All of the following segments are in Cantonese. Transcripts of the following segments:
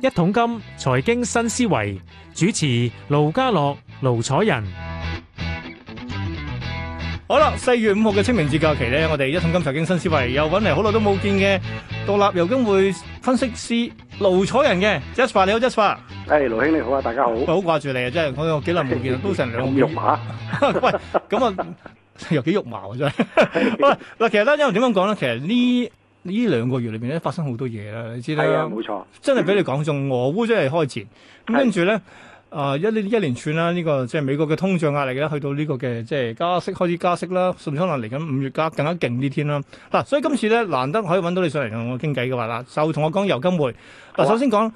一桶金財經新思維主持盧家樂盧楚仁，好啦，四月五號嘅清明節假期咧，我哋一桶金財經新思維又搵嚟，好耐都冇見嘅獨立油金匯分析師盧楚仁嘅，Jasper 你好，Jasper，係盧兄你好啊，大家好，好掛住你啊，真係我有幾耐冇見，都成兩個月，喂， 咁啊 又幾肉麻啊，真係，喂，嗱，其實咧，因為點樣講咧，其實呢。呢兩個月裏邊咧發生好多嘢啦，你知啦，冇錯，錯真係俾你講中俄烏真係開戰，咁跟住咧，啊、呃、一呢一連串啦，呢、這個即係美國嘅通脹壓力咧，去到呢個嘅即係加息開始加息啦，甚至可能嚟緊五月加更加勁啲添啦。嗱、啊，所以今次咧難得可以揾到你上嚟同我傾偈嘅話啦，就同我講油金匯。嗱的，首先講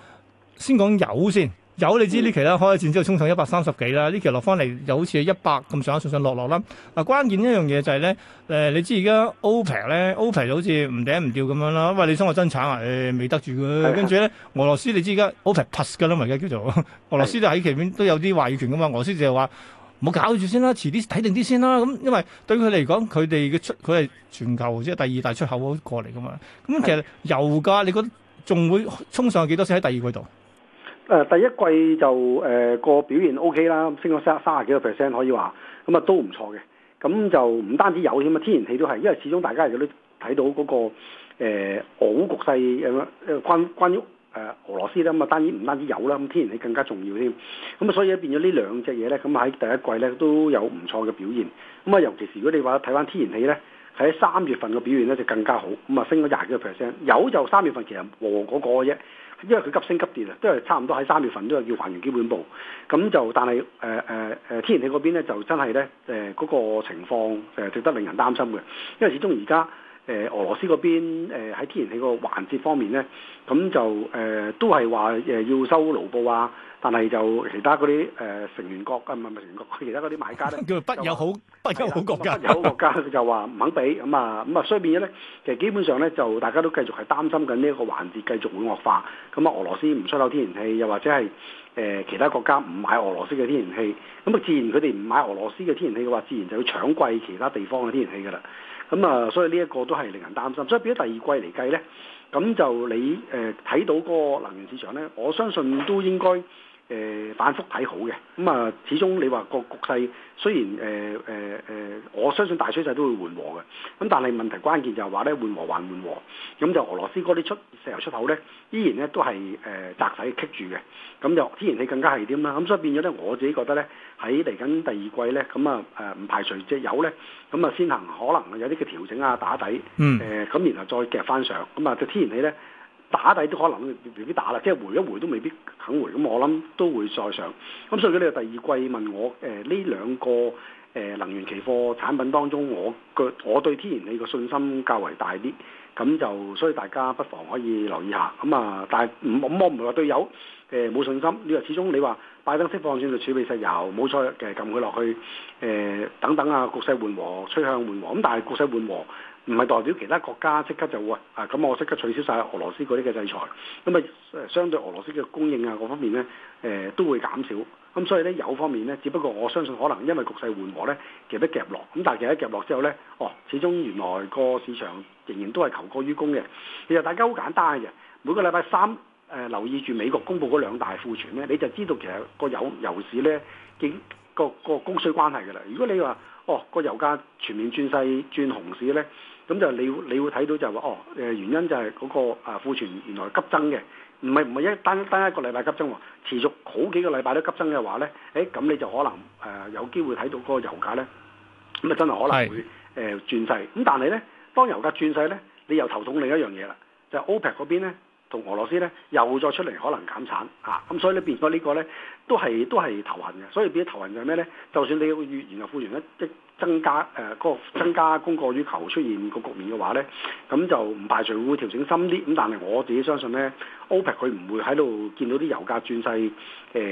先講油先。有你知呢期咧開戰之後衝上一百三十幾啦，呢期落翻嚟又好似一百咁上上落落啦。嗱，關鍵一樣嘢就係、是、咧，誒、呃、你知而家 OPEC 咧，OPEC 就好似唔頂唔掉咁樣啦。喂，你想我增產啊！誒、哎，未得住佢。跟住咧，俄羅斯你知而家 OPEC plus 噶啦，嘛，而家叫做俄羅斯都喺其中邊都有啲話語權噶嘛。俄羅斯就係話唔好搞住先啦，遲啲睇定啲先啦。咁因為對佢嚟講，佢哋嘅出佢係全球即係第二大出口過嚟噶嘛。咁其實油價你覺得仲會衝上去幾多先喺第二季度？誒，第一季就誒個、呃、表現 O、OK、K 啦，升咗三十幾個 percent 可以話，咁、嗯、啊都唔錯嘅。咁就唔單止油添啊，天然氣都係，因為始終大家有啲睇到嗰、那個誒、呃、俄烏局勢咁誒關關於、呃、俄羅斯啦，咁啊當然唔單止油啦，咁、嗯、天然氣更加重要添。咁、嗯、啊所以咧變咗呢兩隻嘢咧，咁、嗯、喺第一季咧都有唔錯嘅表現。咁、嗯、啊尤其是如果你話睇翻天然氣咧，喺三月份嘅表現咧就更加好，咁、嗯、啊、嗯、升咗廿幾個 percent。油就三月份其實和嗰個啫。因為佢急升急跌啊，都係差唔多喺三月份都係要還原基本步，咁就但係誒誒誒，天然氣嗰邊咧就真係咧誒嗰個情況誒，值、呃、得令人擔心嘅，因為始終而家誒俄羅斯嗰邊喺天然氣個環節方面咧，咁就誒、呃、都係話誒要收盧布啊。但係就其他嗰啲誒成員國啊，唔係唔係成員國，其他嗰啲買家咧叫不友好，不友好國家，有好國家佢就話唔肯俾咁啊，咁啊， 所以變咗咧，其實基本上咧就大家都繼續係擔心緊呢一個環節繼續會惡化。咁啊，俄羅斯唔出口天然氣，又或者係誒、呃、其他國家唔買俄羅斯嘅天然氣，咁啊，自然佢哋唔買俄羅斯嘅天然氣嘅話，自然就要搶貴其他地方嘅天然氣噶啦。咁啊，所以呢一個都係令人擔心。所以變成第二季嚟計咧，咁就你誒睇到嗰個能源市場咧，我相信都應該。誒反覆睇好嘅，咁啊始終你話個局勢雖然誒誒誒，我相信大趨勢都會緩和嘅，咁但係問題關鍵就係話咧緩和還緩和，咁就俄羅斯嗰啲出石油出口咧，依然咧都係誒窄死棘住嘅，咁就天然氣更加係點啦，咁所以變咗咧我自己覺得咧喺嚟緊第二季咧，咁啊誒唔排除隻油咧，咁啊先行可能有啲嘅調整啊打底，誒咁、嗯呃、然後再夾翻上，咁啊就天然氣咧。打底都可能，未必打啦，即係回一回都未必肯回，咁我諗都會再上。咁所以呢個，第二季問我誒呢兩個誒、呃、能源期貨產品當中，我嘅我對天然氣嘅信心較為大啲，咁就所以大家不妨可以留意下。咁啊，但唔咁我唔係話對油誒冇信心，你話始終你話拜登釋放算係儲備石油，冇錯，其實撳佢落去誒、呃、等等啊，局勢緩和，趨向緩和。咁但係局勢緩和。唔係代表其他國家即刻就會啊，咁我即刻取消晒俄羅斯嗰啲嘅制裁，咁啊相對俄羅斯嘅供應啊各方面呢誒、呃、都會減少，咁所以呢，油方面呢，只不過我相信可能因為局勢緩和呢，其實都夾落，咁但係其實夾落之後呢，哦始終原來個市場仍然都係求過於供嘅。其實大家好簡單嘅，每個禮拜三誒、呃、留意住美國公布嗰兩大庫存呢，你就知道其實個油油市呢，見個個供需關係㗎啦。如果你話哦個油價全面轉勢轉紅市呢。咁就你你會睇到就話、是、哦，誒、呃、原因就係嗰、那個啊庫存原來急增嘅，唔係唔係一單單一個禮拜急增喎，持續好幾個禮拜都急增嘅話咧，誒、哎、咁你就可能誒、呃、有機會睇到嗰個油價咧，咁啊真係可能會誒轉勢，咁是、呃、但係咧，當油價轉勢咧，你又頭痛另一樣嘢啦，就係、OPEC 嗰邊咧。同俄羅斯咧又再出嚟可能減產啊，咁所以你變咗呢個咧都係都係頭痕嘅，所以變咗頭痕就係咩咧？就算你個月源又庫源咧即增加誒個、呃、增加供過於求出現個局面嘅話咧，咁就唔排除會調整深啲，咁但係我自己相信咧，OPEC 佢唔會喺度見到啲油價轉勢誒、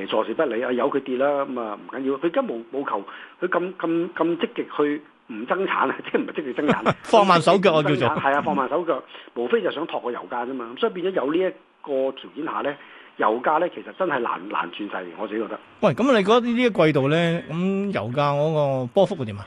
呃、坐視不理啊，由佢跌啦，咁啊唔緊要，佢而家冇冇求，佢咁咁咁積極去。.唔生產啊，即係唔係即係生產，放慢手腳我叫做係啊， 放慢手腳， 無非就想托個油價啫嘛，所以變咗有呢一個條件下咧，油價咧其實真係難難轉勢，我自己覺得。喂，咁你覺得呢呢一季度咧，咁油價嗰個波幅會點啊？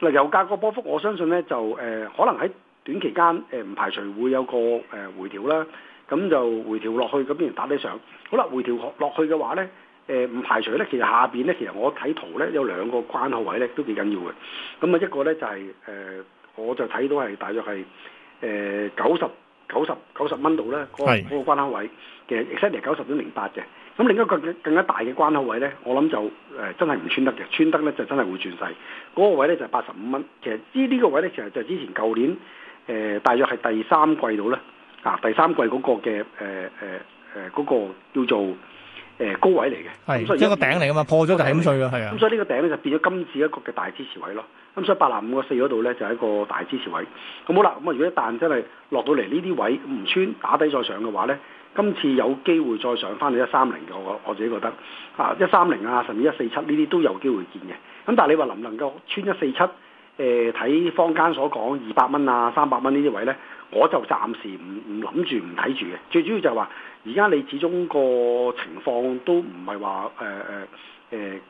嗱， 油價個波幅我相信咧就誒、呃，可能喺短期間誒唔排除會有個誒、呃、回調啦，咁就回調落去咁邊人打得上，好啦，回調落去嘅話咧。誒唔、呃、排除咧，其實下邊咧，其實我睇圖咧有兩個關口位咧都幾緊要嘅。咁啊一個咧就係、是、誒、呃，我就睇到係大約係誒九十九十九十蚊度咧，嗰、呃、是個關口位，其實 exactly 九十點零八嘅。咁另一個更加大嘅關口位咧，我諗就誒、呃、真係唔穿得嘅，穿得咧就真係會轉細。嗰、那個位咧就係八十五蚊。其實呢呢個位咧，其實就之前舊年誒、呃、大約係第三季度咧，啊第三季嗰個嘅誒誒誒嗰個叫做。誒高位嚟嘅，所以個一個頂嚟嘅嘛，破咗就點算㗎？係啊，咁所以呢個頂咧就變咗今次一個嘅大支持位咯。咁所以八零五個四嗰度咧就係一個大支持位。咁好啦，咁啊如果一旦真係落到嚟呢啲位唔穿打底再上嘅話咧，今次有機會再上翻到一三零嘅，我我自己覺得啊一三零啊甚至一四七呢啲都有機會見嘅。咁但係你話能唔能夠穿一四七？誒睇、呃、坊間所講二百蚊啊三百蚊呢啲位呢，我就暫時唔唔諗住唔睇住嘅。最主要就係話，而家你始終個情況都唔係話誒誒誒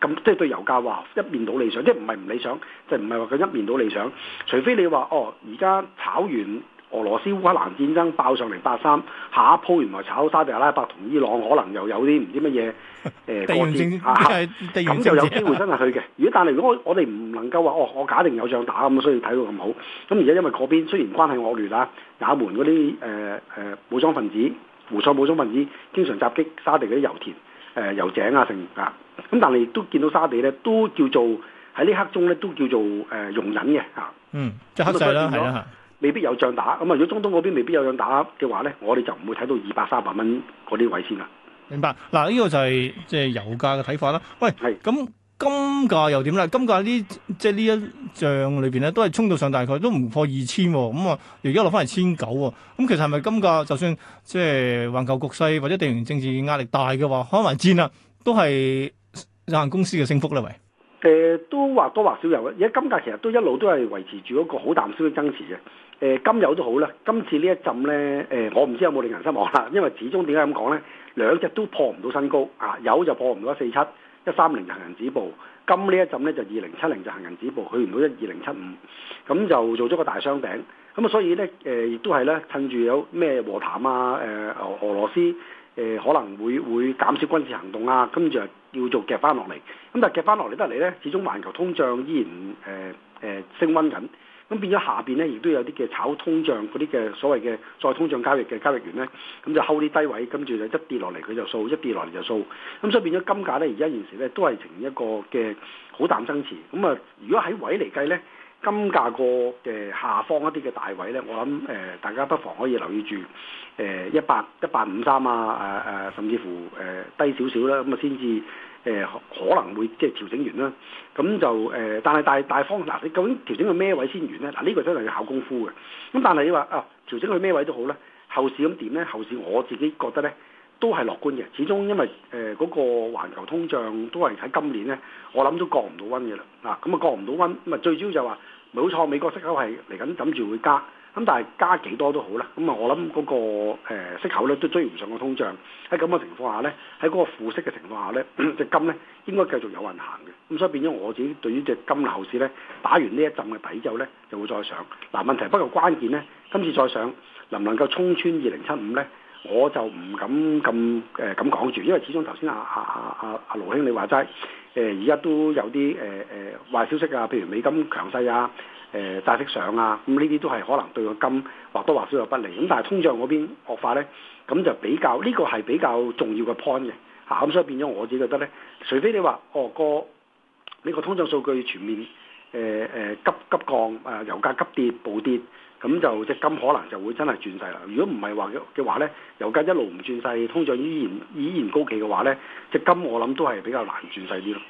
咁，即係對油價話一面倒理想，即係唔係唔理想，即就唔係話佢一面倒理想。除非你話哦，而家炒完。俄羅斯烏克蘭戰爭爆上嚟八三，下一鋪原來炒沙地、啊、阿拉伯同伊朗可能又有啲唔知乜嘢誒嗰咁就有機會真係去嘅。如果但係如果我哋唔能夠話哦，我假定有仗打咁，所以睇到咁好。咁而家因為嗰邊雖然關係惡劣啦，也門嗰啲誒誒武裝分子、胡塞武裝分子經常襲擊沙地嗰啲油田、誒、呃、油井啊成，成啊。咁但係亦都見到沙地咧，都叫做喺呢刻中咧，都叫做誒、呃、容忍嘅嚇。啊、嗯，即係啦，係、啊、啦。啊未必有仗打，咁啊！如果中東嗰邊未必有仗打嘅話咧，我哋就唔會睇到二百三百蚊嗰啲位先啦。明白？嗱，呢、這個就係即係油價嘅睇法啦。喂，咁金價又點咧？金價呢，即係呢一仗裏邊咧，都係衝到上大概都唔破二千喎。咁、嗯、啊，而家落翻嚟千九喎。咁、嗯、其實係咪金價就算即係環球局勢或者地緣政治壓力大嘅話，開埋戰啊，都係有限公司嘅升幅咧？喂，誒、呃，都或多或少有。而家金價其實都一路都係維持住一個好淡少嘅增持嘅。誒金油都好啦，今次呢一陣呢，誒、呃、我唔知有冇令人失望啦，因為始終點解咁講呢？兩隻都破唔到新高啊，油就破唔到四七一三零就行人止步，金呢一陣呢就二零七零就行人止步，去唔到一二零七五，咁就做咗個大雙頂。咁啊，所以咧亦、呃、都係呢，趁住有咩和談啊，誒、呃、俄羅斯誒、呃、可能會會減少軍事行動啊，跟住又叫做夾翻落嚟。咁但係夾翻落嚟得嚟呢，始終環球通脹依然誒誒、呃呃、升溫緊。咁變咗下邊咧，亦都有啲嘅炒通脹嗰啲嘅所謂嘅再通脹交易嘅交易員咧，咁就 hold 啲低位，跟住就一跌落嚟佢就掃，一跌落嚟就掃。咁所以變咗金價咧，而家現時咧都係呈現一個嘅好淡爭持。咁啊，如果喺位嚟計咧，金價個嘅下方一啲嘅大位咧，我諗誒、呃、大家不妨可以留意住誒一八一八五三啊啊啊，甚至乎誒、呃、低少少啦，咁啊先至。誒可能會即係調整完啦，咁就誒，但係大大方嗱，你究竟調整到咩位先完咧？嗱，呢個真係要考功夫嘅。咁但係你話啊，調整去咩位都好咧，後市咁點咧？後市我自己覺得咧，都係樂觀嘅。始終因為誒嗰、呃那個環球通脹都係喺今年咧，我諗都降唔到溫嘅啦。嗱、啊，咁啊降唔到溫，咁啊最主要就話、是、冇錯，美國息口係嚟緊諗住會加。咁但係加幾多都好啦，咁啊我諗嗰個息口呢都追唔上個通脹，喺咁嘅情況下呢，喺嗰個負息嘅情況下呢，隻金咧應該繼續有運行嘅。咁所以變咗我自己對於隻金後市呢，打完呢一陣嘅底之後呢就會再上，嗱，問題不過關鍵呢，今次再上能唔能夠衝穿二零七五呢？我就唔敢咁誒咁講住，因為始終頭先阿阿阿阿阿盧兄你話齋，誒而家都有啲誒誒壞消息啊，譬如美金強勢啊，誒、呃、債息上啊，咁呢啲都係可能對個金或多或少有不利。咁但係通脹嗰邊惡化咧，咁就比較呢個係比較重要嘅 point 嘅嚇，咁、啊、所以變咗我自己覺得咧，除非你話哦、嗰個呢、嗰個通脹數據全面誒誒、呃呃、急急降啊、呃，油價急跌暴跌。咁就隻金可能就會真係轉勢啦。如果唔係話嘅嘅話咧，油價一路唔轉勢，通脹依然依然高企嘅話咧，隻金我諗都係比較難轉勢啲咯。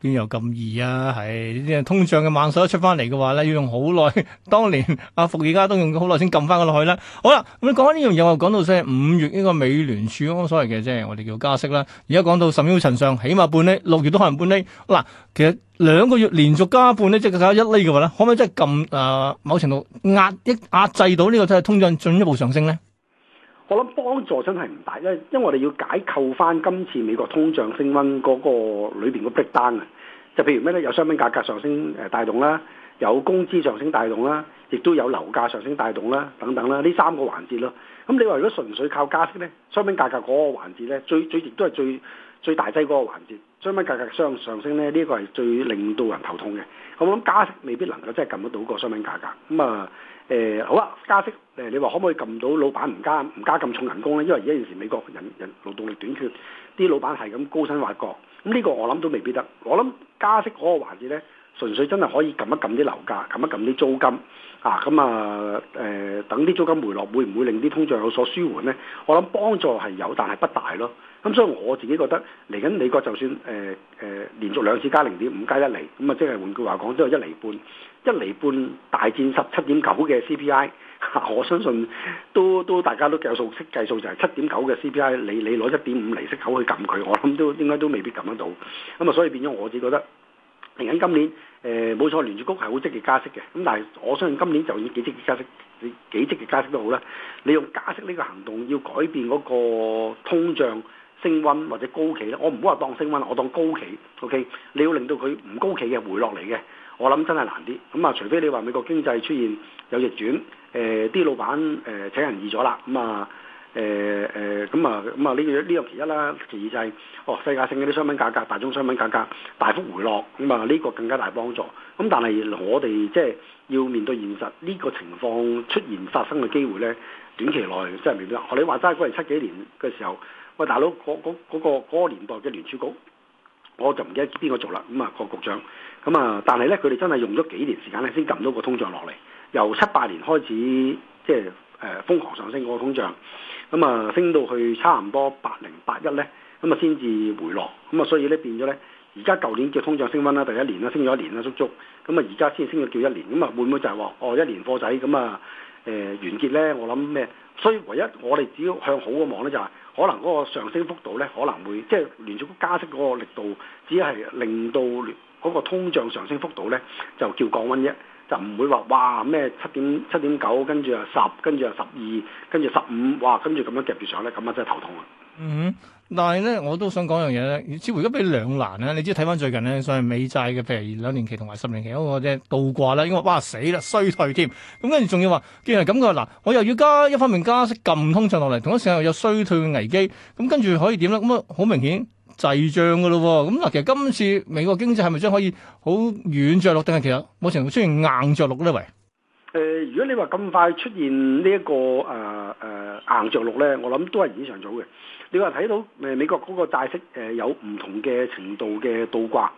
邊有咁易啊？係呢啲通脹嘅猛獸一出翻嚟嘅話咧，要用好耐。當年阿伏爾加都用咗好耐先撳翻落去啦。好啦，咁你講開呢樣嘢，我講到即係五月呢個美聯儲所謂嘅即係我哋叫加息啦。而家講到甚囂塵上起碼半厘，六月都可能半厘。嗱，其實兩個月連續加半呢，即係搞一厘嘅話咧，可唔可以真係撳誒？某程度壓抑壓制到呢、這個即係通脹進一步上升咧？我諗幫助真係唔大，因為因為我哋要解構翻今次美國通脹升溫嗰個裏邊個逼單啊，down, 就譬如咩咧，有商品價格上升誒帶動啦，有工資上升帶動啦，亦都有樓價上升帶動啦，等等啦，呢三個環節咯。咁你話如果純粹靠加息咧，商品價格嗰個環節咧，最最亦都係最。最大劑嗰個環節，商品價格上上升咧，呢、這個係最令到人頭痛嘅。我諗加息未必能夠真係撳得到個商品價格。咁、呃、啊，誒好啦，加息誒你話可唔可以撳到老闆唔加唔加咁重人工咧？因為而家現時美國人人，人勞動力短缺，啲老闆係咁高薪挖角。咁呢個我諗都未必得。我諗加息嗰個環節咧。純粹真係可以撳一撳啲樓價，撳一撳啲租金，啊咁、嗯、啊誒等啲租金回落，會唔會令啲通脹有所舒緩呢？我諗幫助係有，但係不大咯。咁、嗯、所以我自己覺得嚟緊美國就算誒誒、呃呃、連續兩次加零點五加一厘，咁、嗯、啊即係換句話講，都係一厘半，一厘半大戰十七點九嘅 CPI，我相信都都大家都計數，計數就係七點九嘅 CPI，你你攞一點五厘息口去撳佢，我諗都應該都未必撳得到。咁、嗯、啊，所以變咗我自己覺得嚟緊今，今年。誒冇錯，聯儲局係好積極加息嘅，咁但係我相信今年就已經幾積極加息，你幾積極加息都好啦。你用加息呢個行動要改變嗰個通脹升溫或者高企咧，我唔好話當升溫，我當高企。O、okay? K，你要令到佢唔高企嘅回落嚟嘅，我諗真係難啲。咁、嗯、啊，除非你話美國經濟出現有逆轉，誒、呃、啲老闆誒、呃、請人易咗啦，咁、嗯、啊。誒誒，咁啊、呃，咁、呃、啊，呢個呢樣其一啦，其二就係、是，哦，世界性嗰啲商品價格、大宗商品價格大幅回落，咁啊，呢個更加大幫助。咁但係我哋即係要面對現實，呢個情況出現發生嘅機會咧，短期內即係唔見得。學你話齋嗰係七幾年嘅時候，喂，大佬嗰嗰個年代嘅聯儲局，我就唔記得邊個做啦。咁啊，個局長，咁啊，但係咧，佢哋真係用咗幾年時間咧，先撳到個通脹落嚟，由七八年開始，即係。誒瘋狂上升嗰個通脹，咁啊升到去差唔多八零八一咧，咁啊先至回落，咁啊所以咧變咗咧，而家舊年叫通脹升溫啦，第一年啦，升咗一年啦足足，咁啊而家先升咗叫一年，咁啊會唔會就係話，哦一年貨仔咁啊誒完結咧？我諗咩？所以唯一我哋只要向好嘅望咧、就係，就係可能嗰個上升幅度咧，可能會即係連續加息嗰個力度，只係令到聯嗰個通脹上升幅度咧，就叫降溫啫。就唔會話哇咩七點七點九，跟住啊十，跟住啊十二，跟住十五，哇跟住咁樣夾住上咧，咁啊真係頭痛啊！嗯，但係咧我都想講樣嘢咧，似乎而家俾兩難咧。你知睇翻最近咧，所謂美債嘅譬如兩年期同埋十年期，嗰個即係倒掛咧，應該哇死啦衰退添，咁跟住仲要話，既然係咁嘅嗱，我又要加一方面加息撳通脹落嚟，同一時間又有衰退嘅危機，咁跟住可以點咧？咁啊好明顯。滯脹嘅咯喎，咁嗱，其實今次美國經濟係咪將可以好軟着陸，定係其實冇情況出現硬着陸呢？喂，誒、呃，如果你話咁快出現、這個呃呃、呢一個誒誒硬着陸咧，我諗都係言之尚早嘅。你話睇到誒、呃、美國嗰個債息誒有唔同嘅程度嘅倒掛，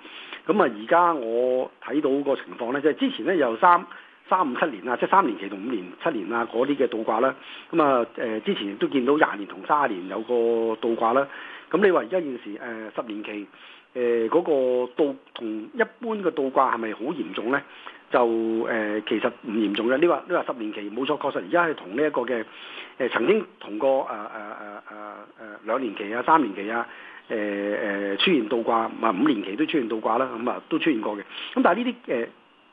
咁啊而家我睇到個情況咧、就是，即係、呃、之前咧由三三五七年啊，即係三年期同五年七年啊嗰啲嘅倒掛啦，咁啊誒之前亦都見到廿年同三十年有個倒掛啦。咁你話而家現時誒、呃、十年期誒嗰、呃那個倒同一般嘅倒掛係咪好嚴重咧？就誒、呃、其實唔嚴重嘅。呢話你話十年期冇錯，確實而家係同呢一個嘅誒、呃、曾經同過啊啊啊啊啊兩年期啊三年期啊誒誒、呃、出現倒掛，唔、呃、係五年期都出現倒掛啦，咁啊都出現過嘅。咁但係呢啲誒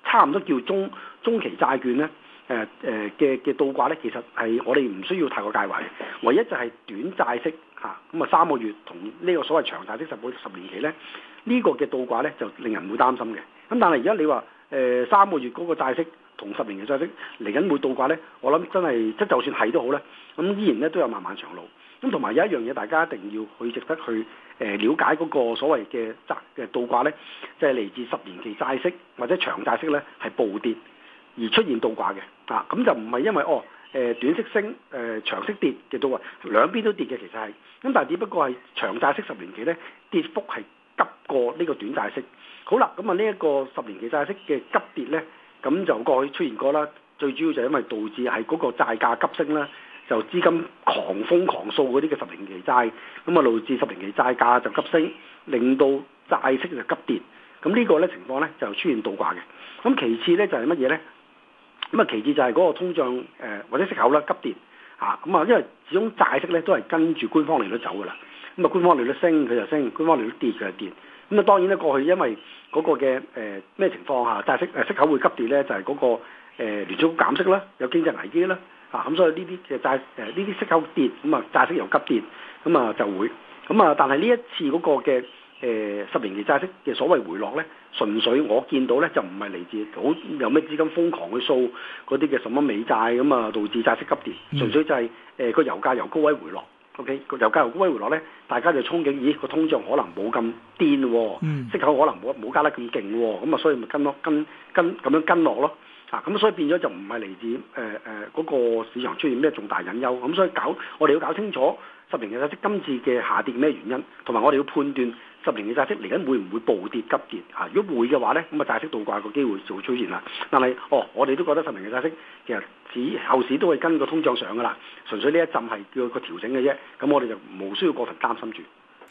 差唔多叫中中期債券咧，誒誒嘅嘅倒掛咧，其實係我哋唔需要太過介懷，唯一就係短債息嚇，咁啊、嗯、三個月同呢個所謂長債息，甚至十年期咧，呢、呢個嘅倒掛咧就令人唔會擔心嘅。咁但係而家你話誒、呃、三個月嗰個債息同十年期債息嚟緊會倒掛咧，我諗真係即就算係都好咧，咁、嗯、依然咧都有漫漫長路。咁同埋有一樣嘢，大家一定要去值得去誒了解嗰個所謂嘅債嘅倒掛咧，即係嚟自十年期債息或者長債息咧係暴跌而出現倒掛嘅。啊，咁就唔係因為哦，誒、呃、短息升，誒、呃、長息跌嘅都話，兩邊都跌嘅其實係，咁但係只不過係長債息十年期咧跌幅係急過呢個短債息。好啦，咁啊呢一個十年期債息嘅急跌咧，咁就過去出現過啦。最主要就係因為導致係嗰個債價急升啦，就資金狂瘋狂掃嗰啲嘅十年期債，咁啊導致十年期債價就急升，令到債息就急跌。咁呢個咧情況咧就出現倒掛嘅。咁其次咧就係乜嘢咧？咁啊，其次就係嗰個通脹，誒、呃、或者息口啦，急跌吓咁啊，因為始終債息咧都係跟住官方利率走㗎啦。咁啊，官方利率升佢就升，官方利率跌佢就跌。咁啊，當然咧過去因為嗰個嘅誒咩情況下，債、呃、息誒息口會急跌咧，就係、是、嗰、那個誒聯儲減息啦，有經濟危機啦啊咁、啊，所以呢啲嘅債誒呢啲息口跌咁啊，債息又急跌咁啊就會咁啊，但係呢一次嗰個嘅。誒、呃、十年期債息嘅所謂回落咧，純粹我見到咧就唔係嚟自好有咩資金瘋狂去掃嗰啲嘅什麼美債咁啊，導致債息急跌。嗯、純粹就係誒個油價由高位回落，OK，個油價由高位回落咧，大家就憧憬咦個通脹可能冇咁癲喎、啊，嗯、息口可能冇冇加得咁勁喎，咁啊所以咪跟咯跟跟咁樣跟落咯啊，咁所以變咗就唔係嚟自誒誒嗰個市場出現咩重大隱憂咁，所以搞我哋要搞清楚十年期債息今次嘅下跌咩原因，同埋我哋要判斷。十年嘅債息嚟緊會唔會暴跌急跌啊？如果會嘅話咧，咁啊債息倒掛個機會就會出現啦。但係哦，我哋都覺得十年嘅債息其實後市都係跟個通脹上噶啦，純粹呢一陣係叫個調整嘅啫。咁我哋就冇需要過分擔心住。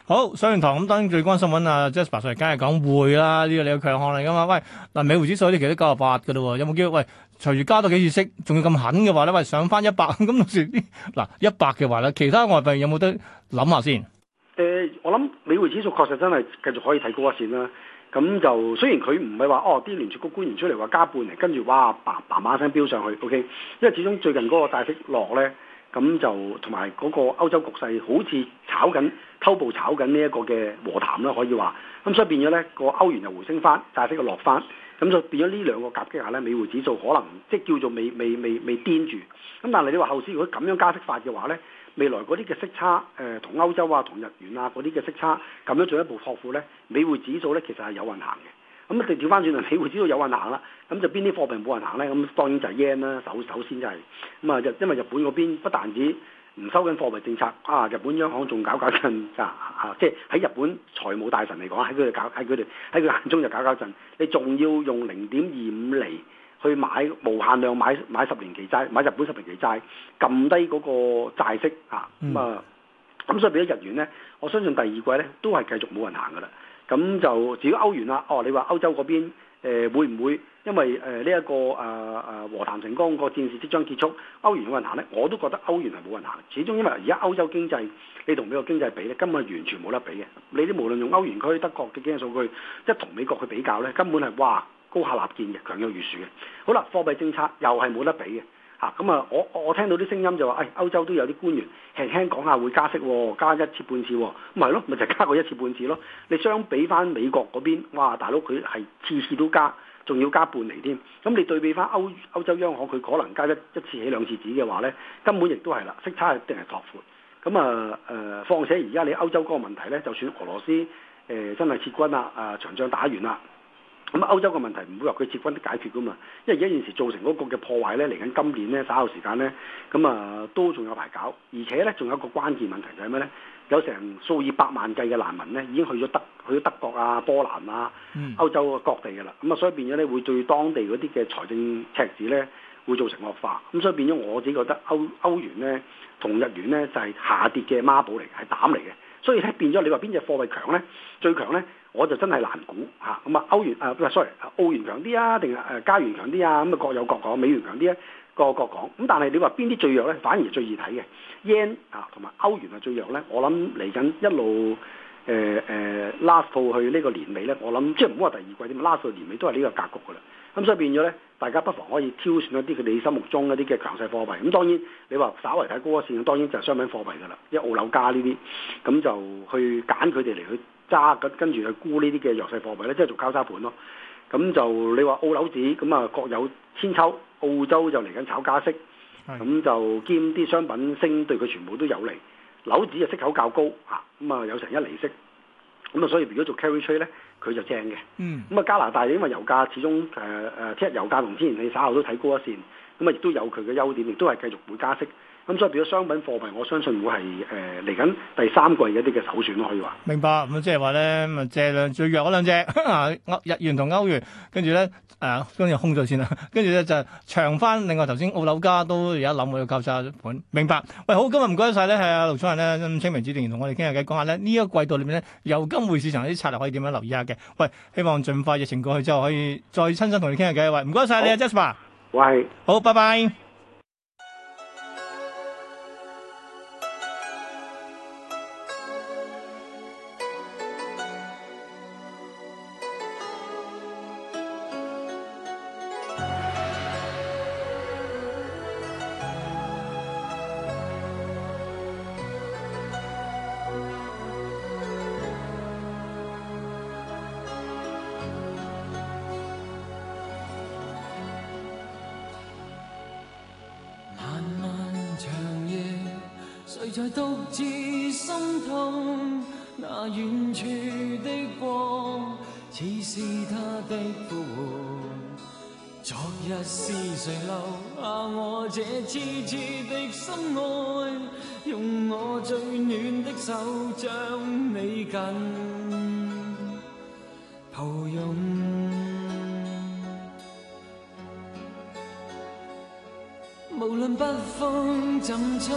好，上完堂咁，當然最關心揾阿 Jasper，梗係講會啦。呢個你嘅強項嚟噶嘛？喂，嗱，美匯指數呢期都九十八噶啦，有冇機會，喂隨住加多幾次息，仲要咁狠嘅話咧？喂，上翻一百咁到時啲嗱一百嘅話咧，其他外幣有冇得諗下先？誒、呃，我諗美匯指數確實真係繼續可以睇高一線啦。咁就雖然佢唔係話哦，啲聯儲局官員出嚟話加半釐，跟住哇，白白馬聲飆上去，OK。因為始終最近嗰個債息落咧，咁就同埋嗰個歐洲局勢好似炒緊，偷步炒緊呢一個嘅和談啦，可以話。咁所以變咗咧，個歐元又回升翻，債息又落翻，咁就變咗呢兩個夾擊下咧，美匯指數可能即係叫做未未未未顛住。咁但係你話後市如果咁樣加息法嘅話咧？未來嗰啲嘅息差，誒、呃、同歐洲啊、同日元啊嗰啲嘅息差咁樣進一步擴闊咧，美元指數咧其實係有運行嘅。咁啊，調翻轉嚟，美元指數有運行啦，咁就邊啲貨幣冇運行咧？咁、就是、當然就係 yen 啦。首首先就係、是，咁啊，就因為日本嗰邊不但止唔收緊貨幣政策，啊，日本央行仲搞搞震啊，啊，即係喺日本財務大臣嚟講，喺佢哋搞，喺佢哋喺佢眼中就搞搞震，你仲要用零點二五釐？去買無限量買買十年期債買日本十年期債，撳低嗰個債息嚇，咁啊，咁、嗯啊、所以畀咗日元咧，我相信第二季咧都係繼續冇人行㗎啦。咁就至於歐元啦，哦，你話歐洲嗰邊誒、呃、會唔會因為誒呢一個啊啊、呃、和談成功個戰事即將結束，歐元冇人行咧？我都覺得歐元係冇人行，始終因為而家歐洲經濟你同美國經濟比咧，根本係完全冇得比嘅。你啲無論用歐元區德國嘅經濟數據即同美國去比較咧，根本係哇！哇哇哇哇高下立見嘅，強弱懸殊嘅。好啦，貨幣政策又係冇得比嘅。嚇，咁啊，我我聽到啲聲音就話，誒、哎，歐洲都有啲官員輕輕講下會加息喎，加一次半次喎，咪係咯，咪就，就加過一次半次咯。你相比翻美國嗰邊，哇，大佬佢係次次都加，仲要加半釐添。咁你對比翻歐歐洲央行，佢可能加一一次起兩次止嘅話呢，根本亦都係啦，息差一定係擴闊。咁啊誒、呃，況且而家你歐洲嗰個問題咧，就算俄羅斯誒真係撤軍啦，啊，長、啊、仗打完啦。咁啊，歐洲嘅問題唔會話佢撤軍都解決㗎嘛，因為而家現時造成嗰個嘅破壞咧，嚟緊今年咧，稍後時間咧，咁、嗯、啊都仲有排搞，而且咧仲有一個關鍵問題就係咩咧？有成數以百萬計嘅難民咧，已經去咗德去咗德國啊、波蘭啊、歐洲嘅各地㗎啦，咁、嗯、啊所以變咗咧會對當地嗰啲嘅財政赤字咧會造成惡化，咁所以變咗我自己覺得歐歐元咧同日元咧就係、是、下跌嘅孖寶嚟，係膽嚟嘅。所以咧變咗，你話邊隻貨幣強咧？最強咧，我就真係難估吓。咁啊，歐元啊，sorry，歐元強啲啊，定係誒加元強啲啊？咁啊，各有各講，美元強啲啊，各有各講。咁但係你話邊啲最弱咧？反而最易睇嘅 yen 啊，同埋歐元啊最弱咧。我諗嚟緊一路誒誒 last 到去呢個年尾咧，我諗即係唔好話第二季點，last 到年尾都係呢個格局㗎啦。咁所以變咗咧，大家不妨可以挑選一啲佢哋心目中一啲嘅強勢貨幣。咁當然，你話稍微睇高一線，當然就係商品貨幣㗎喇，啲澳樓加呢啲，咁就去揀佢哋嚟去揸緊，跟住去沽呢啲嘅弱勢貨幣咧，即係做交叉盤咯。咁就你話澳樓指，咁啊各有千秋。澳洲就嚟緊炒加息，咁的就兼啲商品升對佢全部都有利。樓指嘅息口較高嚇，咁啊有成一厘息。咁啊，嗯、所以如果做 carry trade 咧，佢就正嘅。嗯，咁啊，加拿大因為油價始終誒誒聽日油價同天然氣稍後都睇高一線，咁啊，亦都有佢嘅優點，亦都係繼續會加息。咁、嗯、所以，如果商品貨幣，我相信會係誒嚟緊第三季一啲嘅首選咯，可以話。明白。咁即係話咧，咪即係最弱嗰兩隻啊，日元同歐元，跟住咧誒，跟、啊、住空咗先啦，跟住咧就長翻。另外頭先澳紐加都而家諗，我要救下啲盤。明白。喂，好，今日唔該晒咧，係阿盧楚仁咧清明指定員，同我哋傾下偈，講下咧呢一個季度裏面咧，油金匯市場啲策略可以點樣留意下嘅。喂，希望盡快疫情過去之後，可以再親身同你傾下偈。喂，唔該晒你啊，Jasper。喂。好，拜拜。在獨自心痛，那遠處的光，似是他的呼喚。昨日是誰留下我這痴痴的心愛，用我最暖的手將你緊抱擁。無論北風怎吹。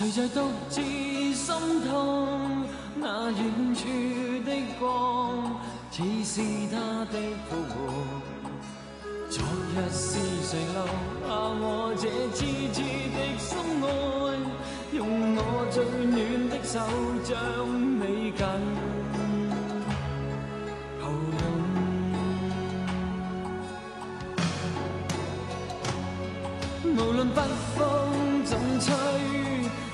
誰在獨自心痛？那遠處的光，似是他的呼喚。昨日是誰留下我這痴痴的心愛？用我最暖的手將你緊抱擁。無論北風怎吹。